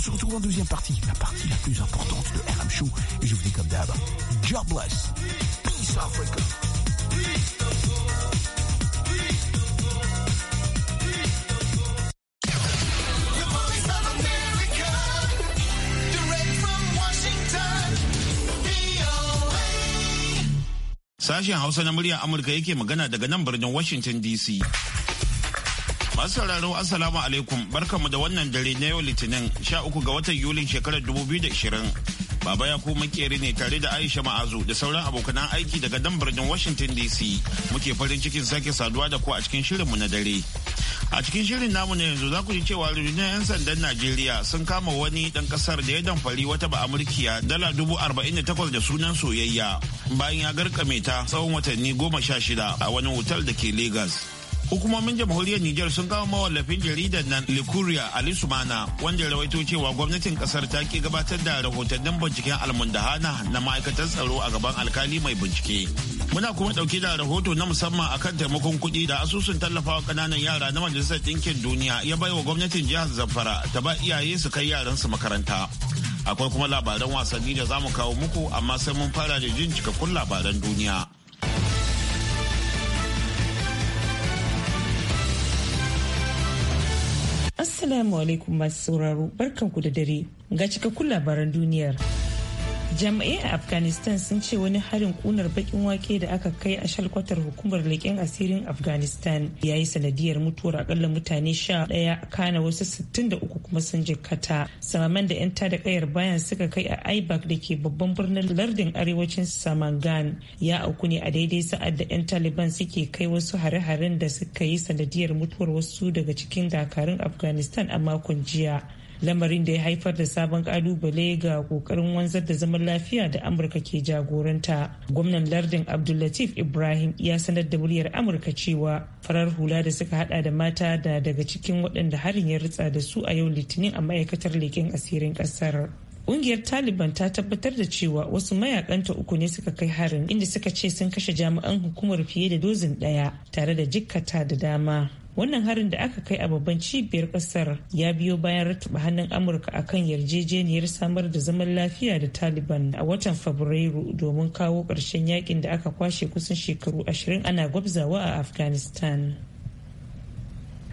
On se retrouve en deuxième partie, la partie la plus importante de RM Show. Et je vous dis comme d'hab, jobless. Peace Africa. Sashen Hausa na muryar Amurka yake magana daga nan birnin Washington DC. Masu sauraro Assalamu alaikum barkanmu da wannan dare na yau Litinin 13 ga watan Yulin shekarar 2020. Baba ya kuma makeri ne tare da Aisha Ma'azu da sauran abokanan aiki daga dan birnin Washington DC muke farin cikin sake saduwa da ku a cikin shirinmu na dare. A cikin shirin namu na yanzu za ku ji cewa rundunar 'yan sandan Najeriya sun kama wani ɗan ƙasar da ya damfari wata amurkiya dala dubu arba'in da takwas da sunan soyayya bayan ya garkame ta tsawon watanni goma sha shida a wani otal da ke Legas. Hukumomin jamhuriyar Nijar sun kawo mawallafin jaridar nan likuria Ali Sumana wanda rawaito cewa gwamnatin kasar ta ke gabatar da rahotannin binciken almundahana na ma'aikatar tsaro a gaban alkali mai bincike. Muna kuma ɗauke da rahoto na musamman akan taimakon kuɗi da asusun tallafawa ƙananan yara na Majalisar Ɗinkin Duniya ya bai wa gwamnatin jihar Zamfara ta ba iyaye su kai yaran su makaranta. Akwai kuma labaran wasanni da za mu kawo muku amma sai mun fara da jin cikakkun labaran duniya. Assalamu alaikum masu sauraro barkanku da dare ga cikakkun labaran duniyar. jami'ai a afghanistan sun ce wani harin kunar bakin wake da aka kai a shalkwatar hukumar leƙen asirin afghanistan ya yi sanadiyar mutuwar akalla mutane sha ɗaya kana wasu sittin da uku kuma sun jikkata samaman da 'yan tada kayar bayan suka kai a aibak da ke babban birnin lardin arewacin samangan ya auku ne a daidai sa'ad da 'yan taliban suke kai wasu hare-haren da suka yi sanadiyar mutuwar wasu daga cikin dakarun afghanistan a makon jiya lamarin da ya haifar da sabon kalubale ga kokarin wanzar da zaman lafiya da amurka ke jagoranta gwamnan lardin abdullatif ibrahim ya sanar da muryar amurka cewa farar hula da suka hada da mata da daga cikin waɗanda harin ya ritsa da su a yau litinin a ma'aikatar leƙen asirin ƙasar Ƙungiyar Taliban ta tabbatar da cewa wasu mayakanta uku ne suka kai harin inda suka ce sun kashe jami'an hukumar fiye da dozin ɗaya tare da jikkata da dama. wannan harin da aka kai a babban cibiyar kasar ya biyo bayan rataba hannun amurka akan yarjejeniyar samar da zaman lafiya da taliban a watan fabrairu domin kawo ƙarshen yakin da aka kwashe kusan shekaru ashirin ana gwabzawa a afghanistan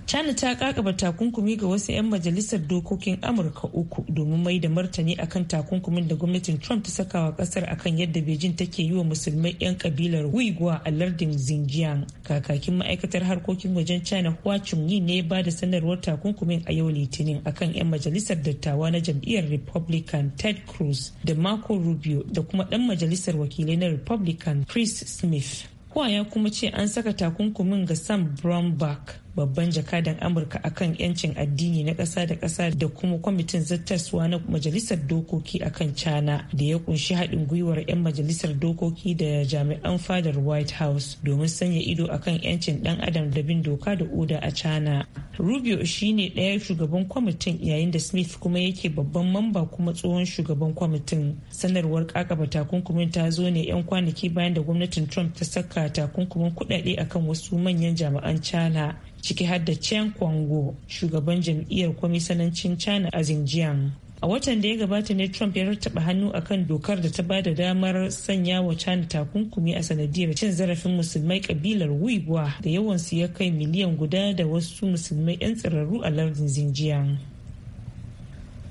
china ta kakaba takunkumi ga wasu 'yan majalisar dokokin amurka uku domin mai da martani akan takunkumin da gwamnatin trump ta saka wa kasar akan yadda beijing take yi wa musulmai 'yan kabilar Uyghur a lardin xinjiang kakakin ma'aikatar harkokin wajen china hua Chunyi ne ba da sanarwar takunkumin a yau litinin akan 'yan majalisar dattawa na jam'iyyar republican ted cruz da marco rubio da kuma dan majalisar wakilai na republican chris smith Hua ya kuma ce an saka takunkumin ga Sam Brownback babban jakadan amurka akan yancin addini na ƙasa da ƙasa da kuma kwamitin zattaswa na majalisar dokoki akan cana da ya kunshi haɗin gwiwar 'yan majalisar dokoki da jami'an fadar white house domin sanya ido a kan yancin ɗan adam da bin doka da oda a cana rubio shine ɗaya shugaban kwamitin yayin da smith kuma yake babban mamba kuma tsohon shugaban kwamitin sanarwar kakaba takunkumin ta zo ne 'yan kwanaki bayan da gwamnatin trump ta saka takunkumin kuɗaɗe akan wasu manyan jami'an cana ciki har da Chen Kwango, shugaban jam'iyyar kwamisanancin China a Xinjiang. A watan da ya gabata ne Trump ya rattaba hannu akan dokar da ta ba da damar sanya wa China takunkumi a sanadiyar cin zarafin musulmai kabilar Uyghur da yawansu ya kai miliyan guda da wasu musulmai 'yan tsirarru a lardin Xinjiang.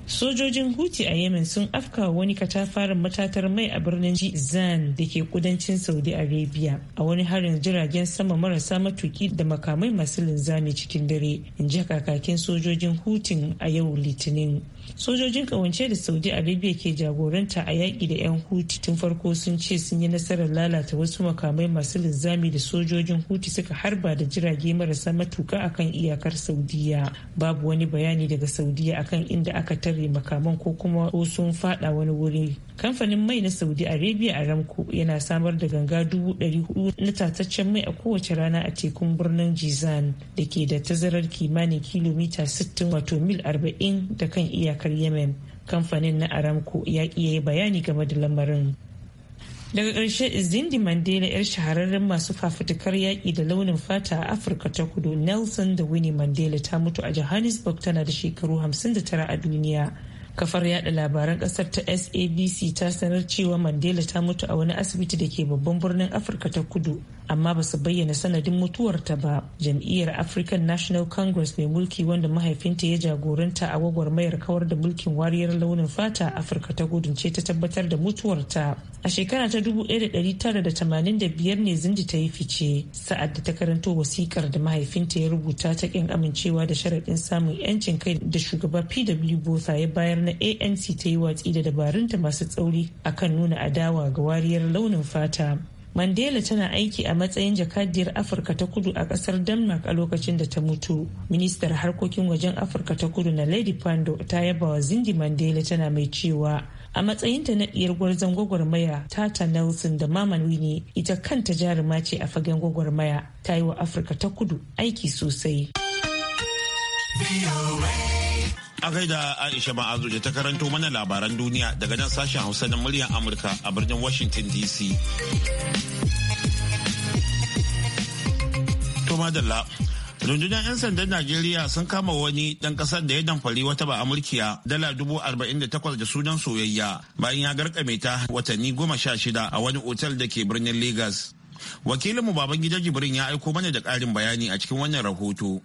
sojojin huti a yemen sun afka wani katafaren matatar mai a birnin jizan da ke kudancin saudi arabia a wani harin jiragen sama marasa matuki da makamai masu linzami cikin dare in ji kakakin sojojin hutin a yau litinin sojojin kawance da saudi arabia ke jagoranta a yaƙi da 'yan huti tun farko sun ce sun yi nasarar lalata wasu makamai masu linzami da sojojin huti suka harba da jirage marasa matuka akan iyakar saudiya babu wani bayani daga saudiya akan inda aka tare makaman ko kuma ko sun fada wani wuri kamfanin mai na saudi arabia a ramko yana samar da ganga dubu hudu na tataccen mai a kowace rana a tekun birnin jizan da ke da tazarar kimanin kilomita sittin wato mil arba'in da kan iyakar iyakar yemen kamfanin na aramco ya iya yi bayani game da lamarin daga ƙarshe zindi mandela yar shahararren masu fafutukar yaƙi da launin fata a afirka ta kudu nelson da winnie mandela ta mutu a johannesburg tana da shekaru 59 a duniya kafar yada labaran kasar ta sabc ta sanar cewa mandela ta mutu a wani asibiti da ke babban birnin afirka ta kudu amma ba su bayyana sanadin mutuwarta ba jam'iyyar african national congress mai mulki wanda mahaifinta ya jagoranta a gwagwarmayar kawar da mulkin wariyar launin fata afirka ta gudun ce ta tabbatar da mutuwarta a shekara ta 1985 ne zinji ta yi fice sa'ad da ta karanto wasikar da mahaifinta ya rubuta ta kin amincewa da sharaɗin samun 'yancin kai da shugaba pw botha ya bayar na anc ta yi watsi da dabarunta masu tsauri akan nuna adawa ga wariyar launin fata mandela tana aiki a matsayin jakadiyar afirka ta kudu a kasar denmark a lokacin da ta mutu ministar harkokin wajen afirka ta kudu na lady pando ta yaba wa zindi mandela tana mai cewa a matsayinta na ɗiyar gwarzon gwagwarmaya tata nelson da maman wini ita kanta jaruma ce a fagen gwagwarmaya ta yi wa afirka ta kudu aiki sosai. A da Aisha Ma'azu da ta karanto mana labaran duniya daga nan sashen Hausa na muryar Amurka a birnin Washington DC. Tomadalla, rundunar 'yan sandan Najeriya sun kama wani ɗan ƙasar da ya damfari wata ba Amurkiya dala dubu arba'in da takwas da sunan soyayya bayan ya garkame ta watanni goma sha shida a wani otal da ke birnin Legas. Wakilinmu Babangida Jibrin ya aiko mana da ƙarin bayani a cikin wannan rahoto.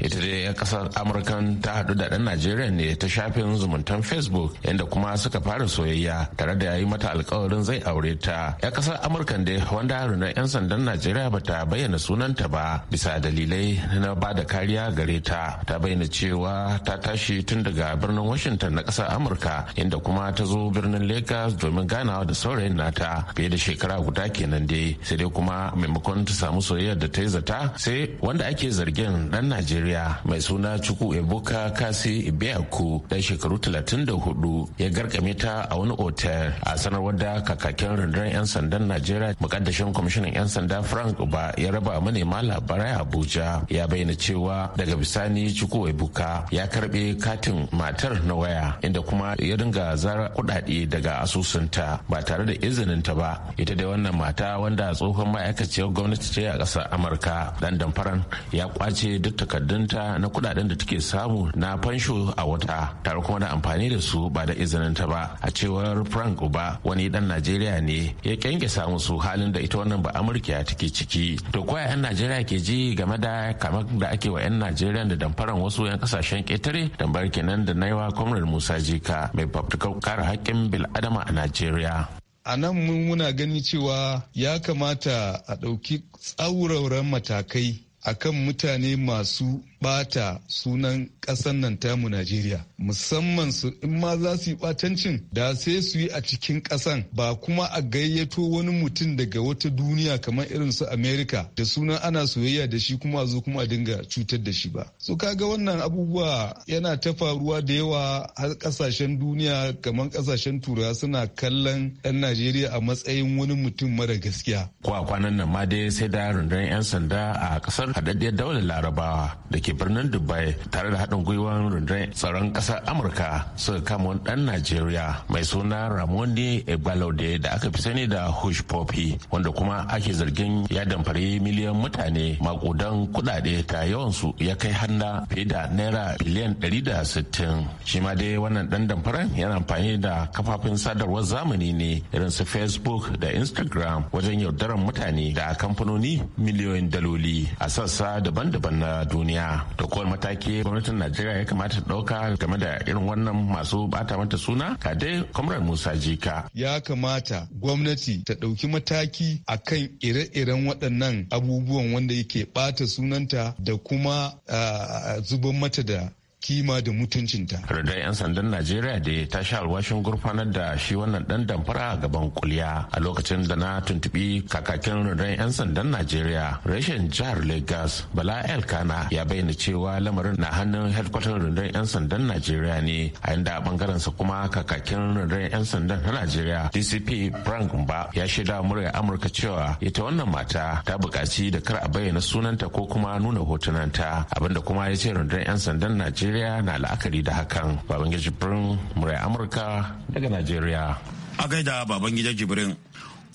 ita dai kasar amurka ta hadu da dan najeriya ne ta shafin zumuntan facebook inda kuma suka fara soyayya tare da yi mata alkawarin zai aure ta ya kasar amurkan dai wanda harunan yan sandan najeriya ba ta bayyana sunanta ba bisa dalilai na ba da kariya gare ta ta bayyana cewa ta tashi tun daga birnin washington na kasar amurka inda kuma ta zo birnin lagos domin ganawa da saurayin nata fiye da shekara guda kenan dai sai dai kuma maimakon ta samu soyayyar da ta yi zata sai wanda ake zargin dan najeriya najeriya mai suna chukwu ebuka kasi ibiaku dan shekaru 34 ya garkame ta a wani otel a sanarwar da kakakin rundunar 'yan sandan najeriya mukaddashin kwamishinan 'yan sanda frank uba ya raba manema labarai abuja ya bayyana cewa daga bisani chukwu ebuka ya karbe katin matar na waya inda kuma ya dinga zara kudade daga asusunta ba tare da izinin ta ba ita dai wannan mata wanda tsohon ma'aikaciyar gwamnati ce a ƙasar amurka dan damfaran ya kwace duk takardun takardunta na kudaden da take samu na fansho a wata tare kuma da amfani da su ba da ta ba a cewar frank uba wani dan najeriya ne ya kyanke samu su halin da ita wannan ba amurka take ciki to ko 'yan najeriya ke ji game da kamar da ake wa 'yan najeriya da damfaran wasu 'yan kasashen ketare dambar kenan da na comrade musa jika mai fafutukar kare haƙƙin bil'adama a najeriya a nan muna gani cewa ya kamata a ɗauki tsauraran matakai akan mutane masu bata sunan ƙasar nan tamu Najeriya musamman su in ma za su yi batancin da sai su yi a cikin ƙasan ba kuma a gayyato wani mutum daga wata duniya kamar irin su Amerika da sunan ana soyayya da shi kuma a zo kuma a dinga cutar da shi ba. So kaga wannan abubuwa yana ta faruwa da yawa har ƙasashen duniya kamar kasashen turawa suna kallon ɗan Najeriya a matsayin wani mutum mara gaskiya. a kwanan nan ma dai sai da rundunar 'yan sanda a ƙasar haɗaɗɗiyar daular Larabawa da ke birnin dubai tare da haɗin gwiwar rundunar tsaron ƙasar amurka suka kama wani ɗan najeriya mai suna ramoni egbalode da aka fi sani da hush poppy wanda kuma ake zargin ya damfari miliyan mutane makudan kuɗaɗe ta su ya kai handa fiye da naira biliyan ɗari da sittin. shi ma dai wannan ɗan damfaran yana amfani da kafafen sadarwar zamani ne irin su facebook da instagram wajen yaudarar mutane da kamfanoni miliyoyin daloli a sassa daban-daban na duniya jama'a kowane mataki gwamnatin najeriya ya kamata ta ɗauka game da irin wannan masu bata mata suna ka dai musa jika ya kamata gwamnati ta ɗauki mataki akan ire-iren waɗannan abubuwan wanda yake bata sunanta da kuma ah, zubar mata da kima da mutuncinta. Radar 'yan sandan Najeriya da ta sha alwashin gurfanar da shi wannan dan damfara a gaban kuliya a lokacin da na tuntubi kakakin radar 'yan sandan Najeriya rashin jihar Lagos Bala Elkana ya bayyana cewa lamarin na hannun hedkwatar radar 'yan sandan Najeriya ne a inda a bangaren sa kuma kakakin radar 'yan sandan na Najeriya DCP Frank Mba ya shaida murya Amurka cewa ita wannan mata ta buƙaci da kar a bayyana sunanta ko kuma nuna hotunanta abinda kuma ya ce rundunar 'yan sandan Najeriya najeriya na la'akari da hakan babangida jibrin murai amurka daga najeriya a gaida babangida jibrin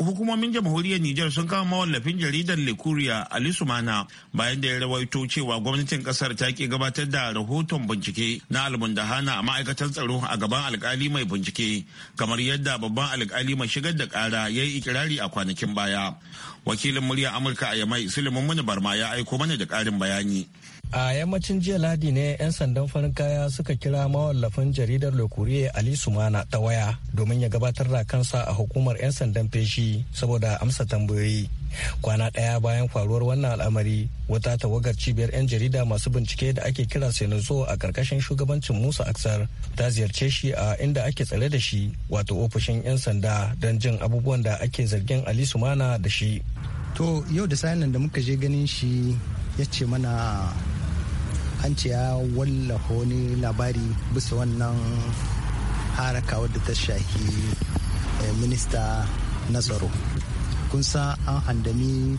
hukumomin jamhuriyar Nijar sun kama mawallafin jaridar Lekuriya Ali Sumana bayan da ya rawaito cewa gwamnatin kasar ta ki gabatar da rahoton bincike na almundahana a ma'aikatar tsaro a gaban alkali mai bincike kamar yadda babban alkali mai shigar da kara ya yi ikirari a kwanakin baya. Wakilin murya Amurka a Yamai Suleiman Muni Barma ya aiko mana da karin bayani. a yammacin jiya ladi ne 'yan sandan farin kaya suka kira mawallafin jaridar lokuriye ali sumana ta waya domin ya gabatar da kansa a hukumar 'yan sandan feshi saboda amsa tambayoyi kwana ɗaya bayan faruwar wannan al'amari wata tawagar cibiyar 'yan jarida masu bincike da ake kira senazo a karkashin shugabancin musa aksar ta ziyarce shi a inda ake tsare da shi wato ofishin 'yan sanda don jin abubuwan da ake zargin ali sumana da shi to yau da sayan da muka je ganin shi ya ce mana hanci ya wallafa wani labari bisa wannan haraka wadda ta shahi eh, minista na tsaro kun sa an handami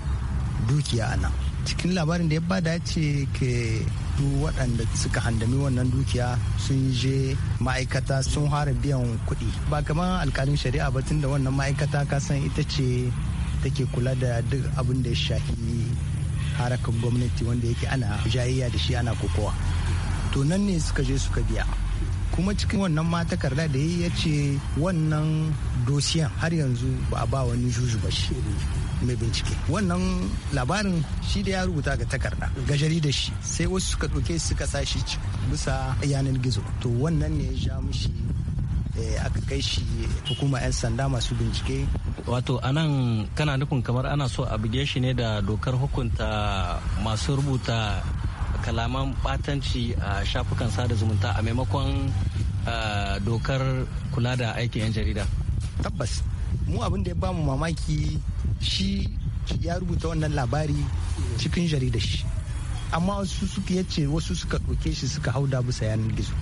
dukiya a nan cikin labarin da ya bada ce ke du waɗanda suka handami wannan dukiya sun je ma'aikata sun hara biyan kuɗi ba kamar alkalin shari'a ba tun da wannan ma'aikata kasan ita ce take kula da duk abin da ya shahi harakan gwamnati wanda yake ana jayayya da shi ana kokowa to nan ne suka je suka biya kuma cikin wannan ma takarda da ya ce wannan dosiyan har yanzu ba a ba wani juju ba shi mai bincike wannan labarin shi da ya rubuta ga takarda ga jarida shi sai wasu suka ɗauke suka sa shi bisa yanar gizo to wannan ne ya sha mushi eh, aka kai shi hukuma 'yan sanda masu bincike wato anan kana nufin kamar ana so a buge shi ne da dokar hukunta masu rubuta kalaman batanci a shafukan sada zumunta a maimakon dokar kula da aikin 'yan jarida tabbas mu abin da ya bamu mamaki shi ya rubuta wannan labari cikin jarida shi amma wasu suka yace wasu suka ɗauke shi suka hau da bisa yanar gizo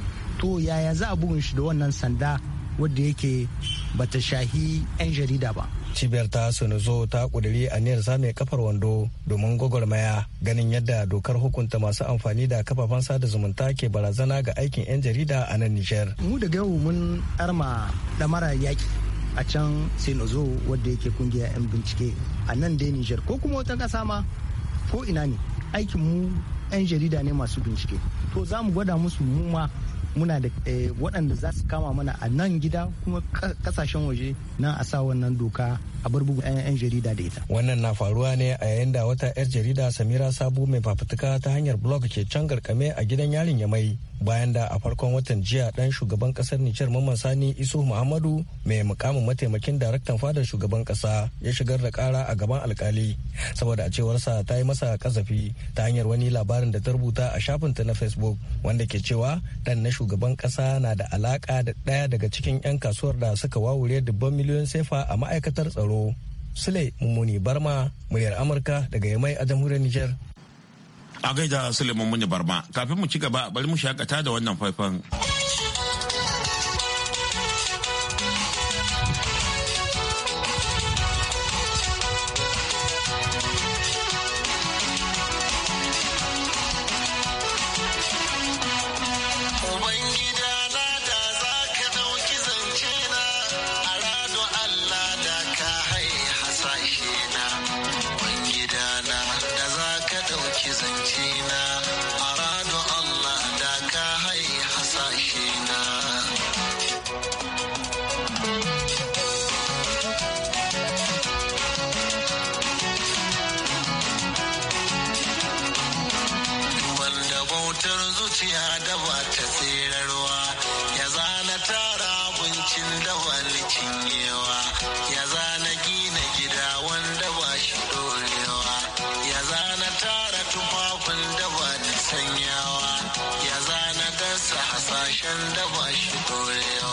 to yaya za a bugun shi da wannan sanda wadda yake bata shahi 'yan jarida ba cibiyar ta sunuzo ta kuduri aniyar zame kafar wando domin gwagwarmaya ganin yadda dokar hukunta masu amfani da kafafen sada zumunta ke barazana ga aikin 'yan jarida a nan nijar mu daga yau mun arma damara yaki a can sinozo wadda yake kungiya 'yan bincike a nan dai nijar ko kuma wata kasa ma ko ina ne aikin mu 'yan jarida ne masu bincike to za mu gwada musu mu ma muna da eh, waɗanda za su kama mana a nan gida kuma kasashen waje nan a sa wannan doka a bugu 'yan jarida da ita. Wannan na faruwa ne a yayin da wata 'yar jarida Samira Sabu mai fafutuka ta hanyar blog ke can garkame a gidan yarin mai bayan da a farkon watan jiya dan shugaban kasar Nijar Mamman Sani Isu Muhammadu mai mukamin mataimakin daraktan fadar shugaban kasa ya shigar da kara a gaban alkali saboda a cewarsa ta yi masa kasafi ta hanyar wani labarin da ta rubuta a shafinta na Facebook wanda ke cewa dan na shugaban kasa na da alaka da daya daga cikin 'yan kasuwar da suka wawure dubban miliyon sefa a ma'aikatar tsaro Sule Mummuni Barma, muryar Amurka daga Yamai a jamhuriyar Nijar. A gaida Sule Mummuni Barma, kafin mu ci gaba bari mu shakata da wannan faifan. ƙarshen da ba shi dorewa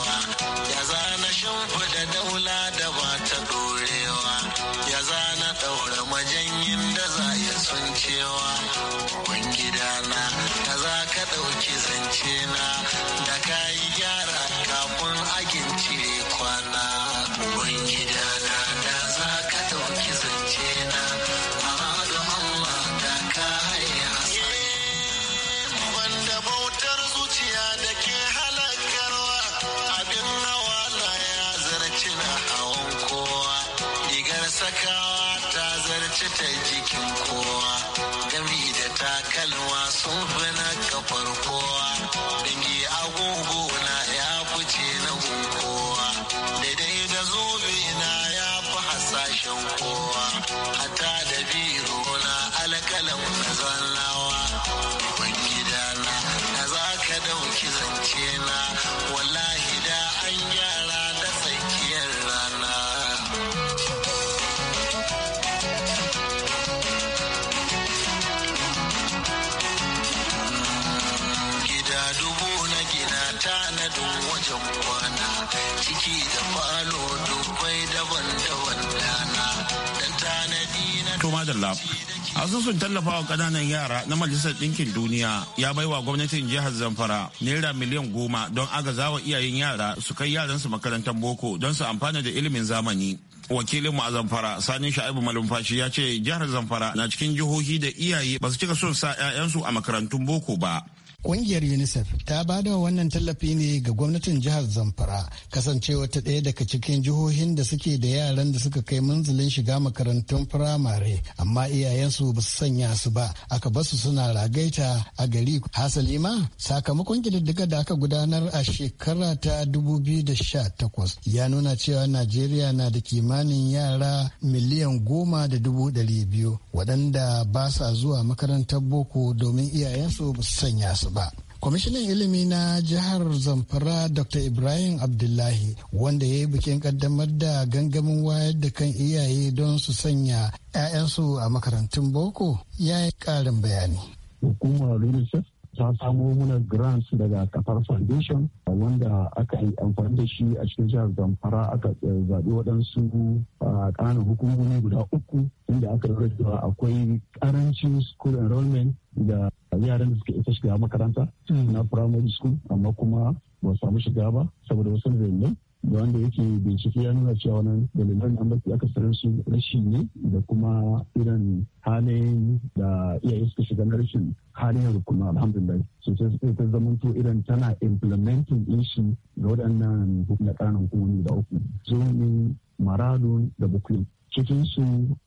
madalla asusun tallafawa kananan yara na majalisar ɗinkin duniya ya baiwa gwamnatin jihar zamfara naira miliyan goma don wa iyayen yara su kai yaransu makarantar boko don su amfana da ilimin zamani wakilinmu a zamfara sani sha'ibu malumfashi ya ce jihar zamfara na cikin jihohi da iyaye ba su cika son sa 'ya'yansu a makarantun boko ba Ƙungiyar UNICEF ta ba da wannan tallafi ne ga gwamnatin jihar Zamfara kasancewa ta ɗaya daga cikin jihohin da suke da yaran da suka kai manzilin shiga makarantun firamare amma iyayensu ba su sanya su ba aka ba su suna ragaita a gari hasali ma sakamakon ƙididdiga da aka gudanar a shekara ta 2018 ya nuna cewa Najeriya na da kimanin yara miliyan goma da dubu ɗari biyu waɗanda ba sa zuwa makarantar boko domin iyayensu ba su sanya su ba. ba kwamishinan ilimi na jihar zamfara dr ibrahim abdullahi wanda ya yi bikin kaddamar da gangamin wayar da kan iyaye don su sanya 'ya'yansu a makarantun boko ya yi karin bayani hukumar unicef ta samo muna grants daga kafar foundation wanda aka yi amfani da shi a cikin jihar zamfara aka eh, zaɓi waɗansu ah, ƙananan hukumomi guda uku inda aka lura cewa akwai ƙarancin school enrollment da yaran da suka isa shiga makaranta hmm. na primary school amma kuma ba samu shiga ba saboda wasu dalilai da wanda yake bincike ya nuna cewa wannan dalilan nan da aka sanar su rashi ne da kuma irin halin da iyaye suka shiga na rashin halin kuma alhamdulillah sosai sai ta zamanto irin tana implementing din shi ga waɗannan na ƙananan hukumomi da uku zo ne da bukuyi cikin su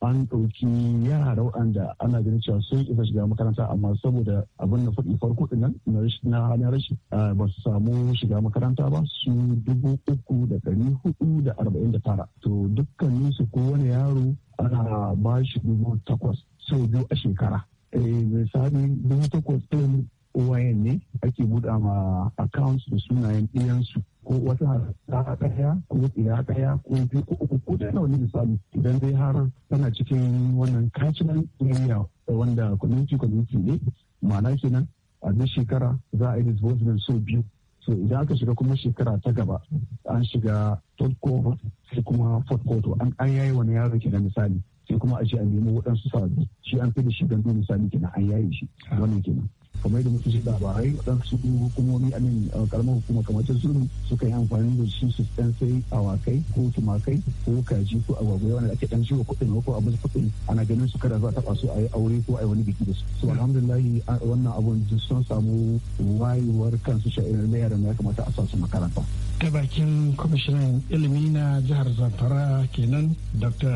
an ɗauki yara waɗanda ana ganin cewa sun isa shiga makaranta amma saboda abin da faɗi farko ɗin na na rashi ba su samu shiga makaranta ba su dubu uku da ɗari hudu da arba'in da tara to dukkanin su kowane yaro ana ba shi dubu takwas sau biyu a shekara eh, misali dubu takwas ɗin OYN ne ake buɗa ma accounts da sunayen ɗiyansu ko wata ta ɗaya ko ɗaya ɗaya ko biyu ko uku ko dai nawa misali idan dai har tana cikin wannan kacinan area wanda community community ne ma'ana kenan a duk shekara za a yi disbursement so biyu so idan aka shiga kuma shekara ta gaba an shiga third quarter sai kuma fourth quarter an yayi wani yaro kenan misali sai kuma a ce a nemi waɗansu sababbi shi an fi da shi gandu misali kenan an yayi shi wannan kenan kamar da muka ji labarai waɗansu hukumomi a nan karamar uh, hukuma kamar ta zuru suka yi amfani da shi su dan sai awakai ko tumakai ko kaji ko agwagwai wanda ake dan jiwa kuɗin ko abin kuɗin ana ganin su kada za ta su a yi aure ko a yi wani biki da su so alhamdulillah wannan abun sun samu wayewar kansu sha'irar na yaran ya kamata a sa makaranta ta bakin kwamishinan ilimi na jihar zamfara kenan dr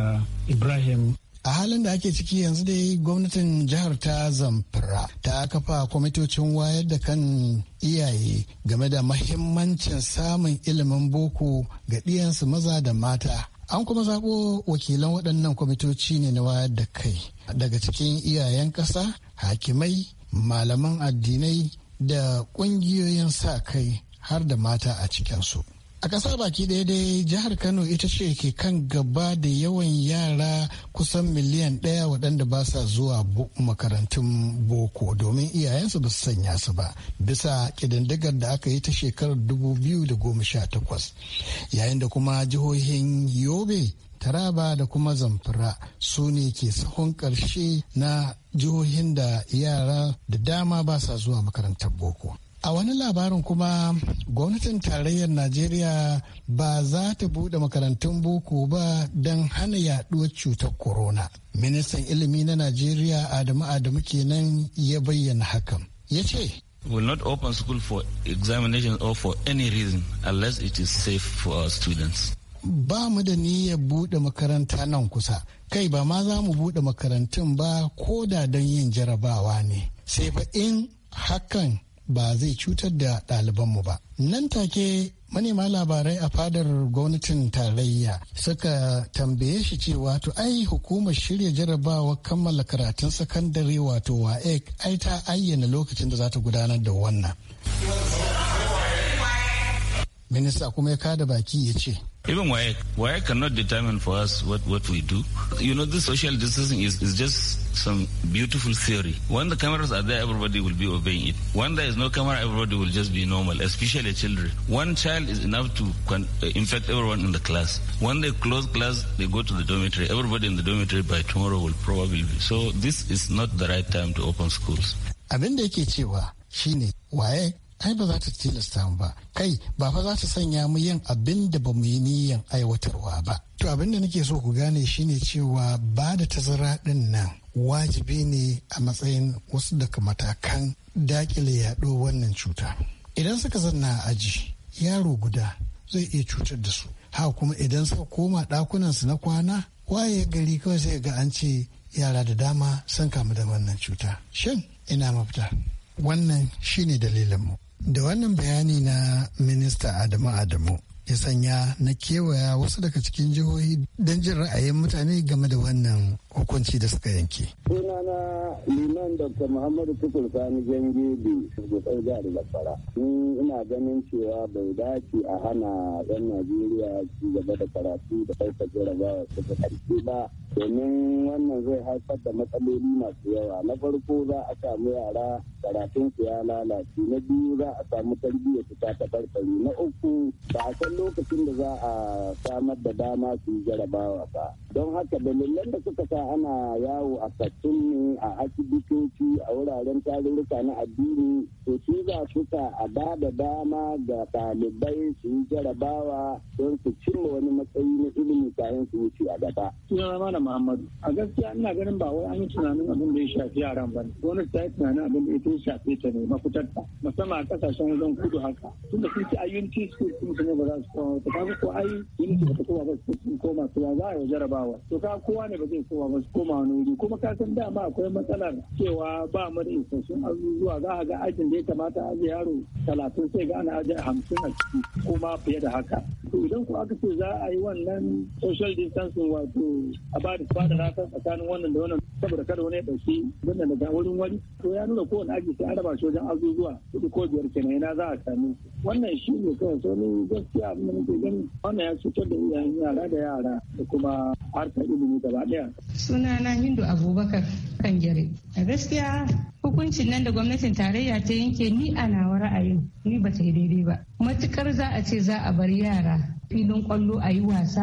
ibrahim a halin da ake ciki yanzu dai gwamnatin jihar ta zamfara ta kafa kwamitocin wayar da kan iyaye game da mahimmancin samun ilimin boko ga ɗiyansu maza da mata an kuma zaɓo wakilan waɗannan kwamitoci ne na wayar da kai daga cikin iyayen ƙasa hakimai malaman addinai da ƙungiyoyin sa kai har da mata a cikinsu a ƙasa baki daya dai jihar kano ita ce ke kan gaba da yawan yara kusan miliyan ɗaya waɗanda ba sa zuwa makarantun boko domin iyayensu ba su sanya su ba bisa ƙididdigar da aka yi ta shekarar 2018 yayin da kuma jihohin yobe taraba da kuma zamfara su ne ke sahun ƙarshe na jihohin da yara da dama ba sa zuwa makarantar boko A wani labarin kuma gwamnatin tarayyar Najeriya ba za ta bude makarantun boko ba don hana yaduwar cutar corona. Ministan ilimi na Najeriya Adamu Adamu kenan ya bayyana hakan. Ya ce, will not open school for examination or for any reason unless it is safe for our students. Ba mu da niyyar buɗe makaranta nan kusa, kai ba ma za mu buɗe makarantun ba ko da don yin jarabawa ne, sai ba in hakan ba zai cutar da ɗalibanmu ba. Nan take manema labarai a fadar gwamnatin tarayya suka tambaye shi cewa to ai hukumar shirya jarabawar kammala karatun sakandare wato wa ai ta ayyana lokacin da za ta gudanar da wannan. minista kuma ya kada baki ya ce Even WAEC, WAEC cannot determine for us what, what we do. You know, this social distancing is, is just some beautiful theory. When the cameras are there, everybody will be obeying it. When there is no camera, everybody will just be normal, especially children. One child is enough to uh, infect everyone in the class. When they close class, they go to the dormitory. Everybody in the dormitory by tomorrow will probably be. So this is not the right time to open schools. Abin da yake cewa shine waye ai ba za ta tilasta mu ba kai ba fa za ta sanya mu yin abin da ba mu yi niyan aiwatarwa ba to abin da nake so ku gane shine cewa ba da tazara din nan wajibi ne a matsayin wasu daga matakan dakile yaɗo wannan cuta idan suka zanna a aji yaro guda zai iya cutar da su ha kuma idan suka koma ɗakunansu na kwana waye gari kawai sai ga an ce yara da dama sun kamu da wannan cuta shin ina mafita wannan shine mu? da wannan bayani na minista adamu adamu ya sanya na kewaya wasu daga cikin jihohi don jin ra'ayin mutane game da wannan hukunci da suka yanke. sunana liman dr muhammadu tukur sani jange da jihar lafara ina ganin cewa bai dace a hana yan najeriya ci gaba da karatu da kai jarabawa suka karfi ba domin wannan zai haifar da matsaloli masu yawa na farko za a samu yara karatun su ya lalace na biyu za a samu tarbiya su ta tabarbare na uku ba a san lokacin da za a samar da dama su jarabawa ba don haka dalilan da suka sa ana yawo a fattunni a asibitoci a wuraren tarurruka na addini to su za su ka a ba da dama ga ɗalibai su yi jarabawa don su cimma wani matsayi na ilimi kayan su wuce a gaba. rama na Muhammadu a gaskiya ina ganin ba wai an yi tunanin abin da ya shafi yaran ba ne wani ta yi tunanin abin da ya shafi ta ne ta musamman a kasashen wajen kudu haka da sun ci ayyukan su sun ba za su koma ta kaga ko ayi yi ba ta koma ba su koma to ya za a yi jarabawa. komawa to ka kowa ne ba zai koma ba su koma wani wuri kuma ka san dama akwai matsalar cewa ba mu da isassun azuzuwa za a ga ajin da ya kamata a yaro talatin sai ga ana ajiye hamsin a ciki ko ma fiye da haka to idan ku aka ce za a yi wannan social distancing wato a ba da fadara tsakanin wannan da wannan saboda kada wani ya ɗauki wannan daga wurin wani to ya nuna kowane aji sai an raba shi wajen azuzuwa hudu ko biyar kenan ina za a sami wannan shi ne kawai so ni gaskiya abin da gani wannan ya cutar da iyayen yara da yara da kuma harkar ilimi gaba ɗaya. na hindu abubakar kan gyare a gaskiya hukuncin nan da gwamnatin tarayya ta yanke ni a nawa ra'ayin ni ba ta yi daidai ba matukar za a ce za a bar yara filin kwallo a yi wasa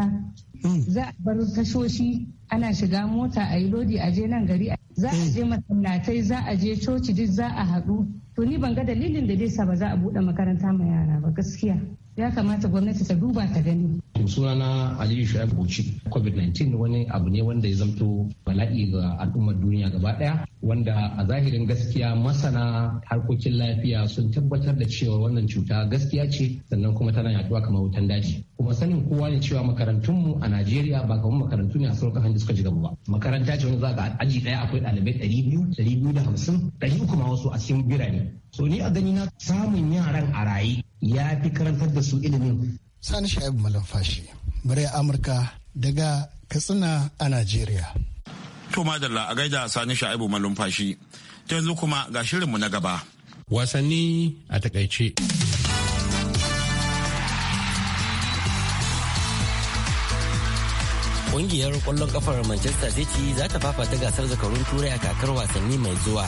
hmm. za a bar tashoshi ana shiga mota a yi lodi a je nan gari za a je masallatai za a je coci duk za a haɗu to ni ban ga dalilin da zai sa ba za a buɗe makaranta ma yara ba gaskiya ya kamata gwamnati ta duba ta gani. sunana aliyu shu'aib bauchi covid-19 wani abu ne wanda ya zamto bala'i ga al'ummar duniya gaba daya wanda a zahirin gaskiya masana harkokin lafiya sun tabbatar da cewa wannan cuta gaskiya ce sannan kuma tana yaduwa kamar wutan daji kuma sanin kowa ne cewa makarantunmu a najeriya ba kamar makarantu ne a sauka hanyar suka ji gaba ba makaranta ce wani za ga aji daya akwai ɗalibai ɗari biyu ɗari biyu da hamsin ɗari uku ma wasu a cikin birane so ni a gani na samun yaran a raye ya fi karantar da su ilimin sani shaibu malamfashi murya amurka daga katsina a najeriya to madalla a gaida sani shaibu malumfashi ta yanzu kuma ga shirinmu na gaba wasanni a takaice Ƙungiyar ƙwallon ƙafar Manchester City za ta fafata gasar zakarun turai a kakar wasanni mai zuwa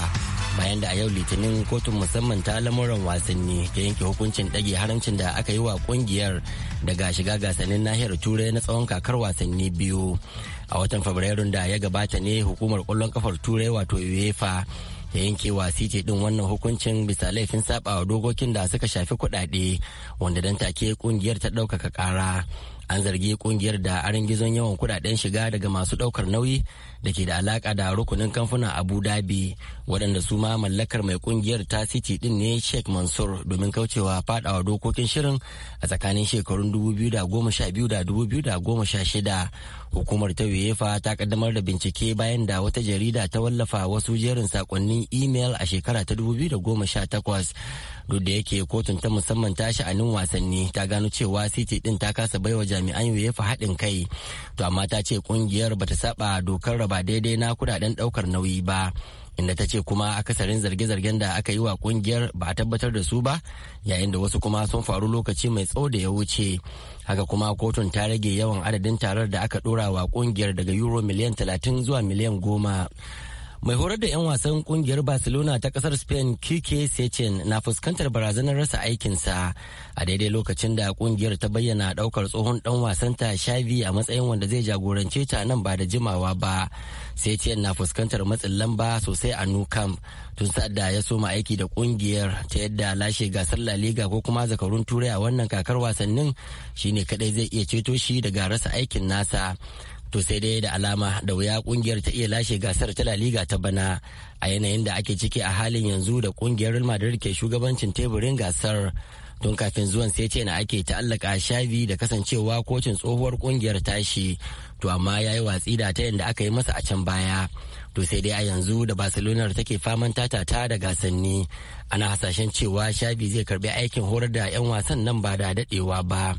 bayan da a yau litinin kotun musamman ta lamuran wasanni ta yanke hukuncin ɗage haramcin da aka yi wa kungiyar daga shiga gasannin nahiyar turai na tsawon kakar wasanni biyu a watan fabrairun da ya gabata ne hukumar kwallon kafar turai wato uefa ta yanke wa city din wannan hukuncin bisa laifin saba dokokin da suka shafi kuɗaɗe wanda dan take kungiyar ta ɗaukaka ƙara an zargi kungiyar da arin gizon yawan kudaden shiga daga masu daukar nauyi da ke da alaka da rukunin kamfuna abu dhabi waɗanda su ma mallakar mai kungiyar ta city din ne sheikh mansur domin kaucewa fadawa dokokin shirin a tsakanin shekarun 2012 da 2016 hukumar ta uefa ta kaddamar da bincike bayan da wata jarida ta wallafa wasu jerin sakonnin email a shekara ta 2018 duk da yake kotun ta musamman ta sha'anin wasanni ta gano cewa city din ta kasa baiwa jami'an UEFA haɗin kai. To amma ta ce kungiyar bata saba dokar raba daidai na kudaden ɗaukar nauyi ba. inda ta ce kuma akasarin zarge-zargen da aka yi wa kungiyar ba a tabbatar da su ba yayin da wasu kuma sun faru lokaci mai tsawo da ya wuce haka kuma kotun ta rage yawan adadin tarar da aka dora wa kungiyar daga euro miliyan 30 zuwa miliyan 10 mai horar da 'yan wasan kungiyar barcelona ta kasar spain kike setien na fuskantar barazanar rasa aikinsa a daidai lokacin da kungiyar ta bayyana daukar tsohon dan wasanta shavi a matsayin wanda zai jagorance ta nan ba da jimawa ba setien na fuskantar matsin lamba sosai a new camp tun sa'adda ya soma aiki da kungiyar ta yadda lashe gasar la liga ko kuma zakarun turai a wannan kakar wasannin shine kadai zai iya ceto shi daga rasa aikin nasa to sai dai da alama da wuya kungiyar ta iya lashe gasar ta La Liga ta bana a yanayin da ake ciki a halin yanzu da kungiyar Real Madrid ke shugabancin teburin gasar don kafin zuwan sai ce na ake ta'allaka shabi da kasancewa kocin tsohuwar kungiyar tashi to amma ya yi watsi da ta yadda aka yi masa a can baya to sai dai a yanzu da barcelona take faman ta da gasanni ana hasashen cewa shabi zai karbi aikin horar da 'yan wasan nan ba da dadewa ba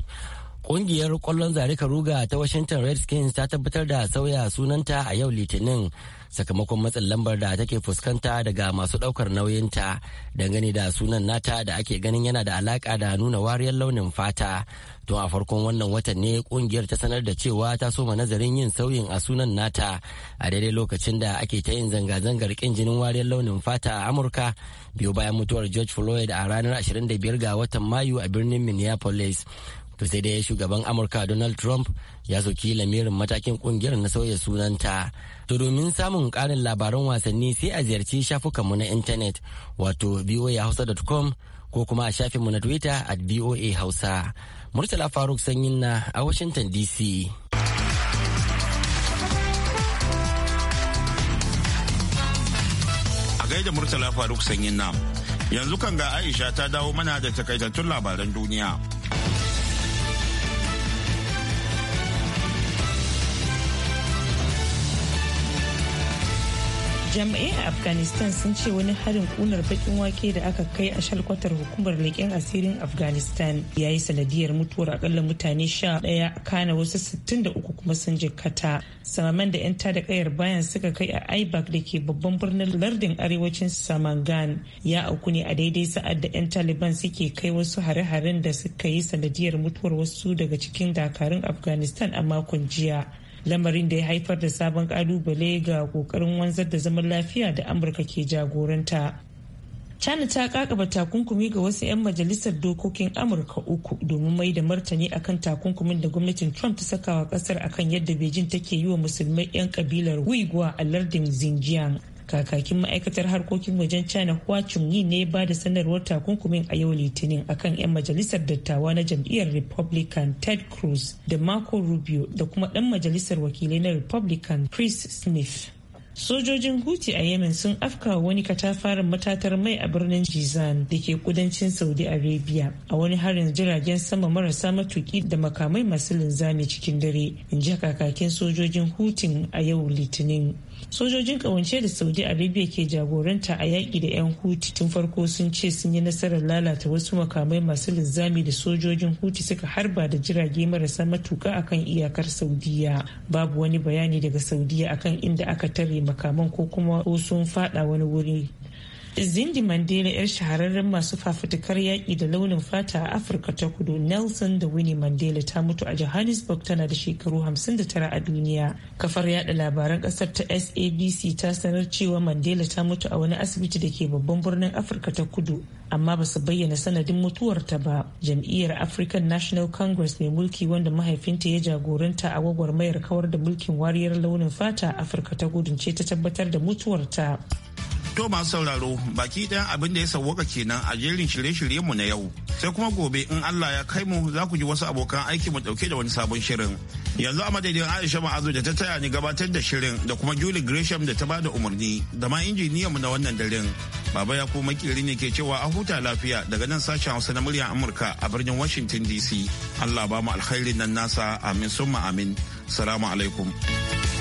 Ƙungiyar kwallon zarika ruga ta Washington Redskins ta tabbatar da sauya sunanta a yau Litinin sakamakon matsin lambar da take fuskanta daga masu ɗaukar nauyinta dangane da sunan nata da ake ganin yana da alaka da nuna wariyar launin fata. Tun a farkon wannan watan ne kungiyar ta sanar da cewa ta soma nazarin yin sauyin a sunan nata a daidai lokacin da ake ta yin zanga-zangar kin jinin wariyar launin fata a Amurka biyu bayan mutuwar George Floyd a ranar 25 ga watan Mayu a birnin Minneapolis. to sai dai shugaban amurka donald trump ya soki lamirin matakin kungiyar na sauya sunanta to domin samun karin labaran wasanni sai a ziyarci shafukanmu na intanet wato voahausa.com ko kuma a shafinmu na twitter at voa hausa murtala faruk sanyin na a washington dc a gaida murtala faruk sanyin na yanzu kan ga aisha ta dawo mana da takaitattun labaran duniya jami'ai a afghanistan sun ce wani harin kunar bakin wake da aka kai a shalkwatar hukumar leƙen asirin afghanistan ya yi sanadiyar mutuwar akalla mutane sha ɗaya kana wasu sittin da uku kuma sun jikkata samaman da 'yan tada kayar bayan suka kai a aibak da ke babban birnin lardin arewacin samangan ya auku ne a daidai sa'ad da 'yan taliban suke kai wasu hare-haren da suka yi sanadiyar mutuwar wasu daga cikin dakarun afghanistan a makon jiya lamarin da ya haifar da sabon kalubale ga kokarin wanzar da zaman lafiya da amurka ke jagoranta china ta kakaba takunkumi ga wasu 'yan majalisar dokokin amurka uku domin mai da martani akan takunkumin da gwamnatin trump ta sakawa kasar akan yadda beijing take yi wa musulmai 'yan kabilar uighur a lardin xinjiang kakakin ma'aikatar harkokin wajen china hua yi ne ba da sanarwar takunkumin a yau litinin akan 'yan majalisar dattawa na jam'iyyar republican ted cruz da marco rubio da kuma dan majalisar wakilai na republican chris smith sojojin huti a yemen sun afka wani katafaren matatar mai a birnin jizan da ke kudancin saudi arabia a wani harin jiragen sama marasa matuki da makamai masu linzami cikin dare in ji kakakin sojojin hutin a yau litinin sojojin kawance da saudi arabia ke jagoranta a yaƙi da 'yan huti tun farko sun ce sun yi nasarar lalata wasu makamai masu linzami da sojojin huti suka harba da jirage marasa matuka akan iyakar saudiya babu wani bayani daga saudiya akan inda aka tare makaman ko kuma ko sun fada wani wuri Zindi Mandela 'yar shahararren masu fafutukar yaƙi da launin fata a Afirka ta kudu Nelson da Winnie Mandela ta mutu a Johannesburg tana da shekaru 59 a duniya. Kafar yada labaran ƙasar ta SABC ta sanar cewa Mandela ta mutu a wani asibiti da ke babban birnin Afirka ta kudu amma ba su bayyana sanadin mutuwarta ba. Jam'iyyar African National Congress mai mulki wanda mahaifinta ya jagoranta a gwagwarmayar kawar da mulkin wariyar launin fata a Afirka ta gudun ce ta tabbatar da mutuwarta. To masu sauraro baki ɗayan abin da ya sauwaka kenan a jerin shirye shiryen mu na yau. Sai kuma gobe in Allah ya kai mu za ku ji wasu abokan aiki mu ɗauke da wani sabon shirin. Yanzu a madadin Aisha Ma'azu da ta taya ni gabatar da shirin da kuma Julie Gresham da ta bada umarni da ma injiniyanmu na wannan daren. Baba ya kuma kirin ne ke cewa a huta lafiya daga nan sashen Hausa na muryar Amurka a birnin Washington DC. Allah ba mu alkhairin nan nasa amin summa amin. Salamu alaikum.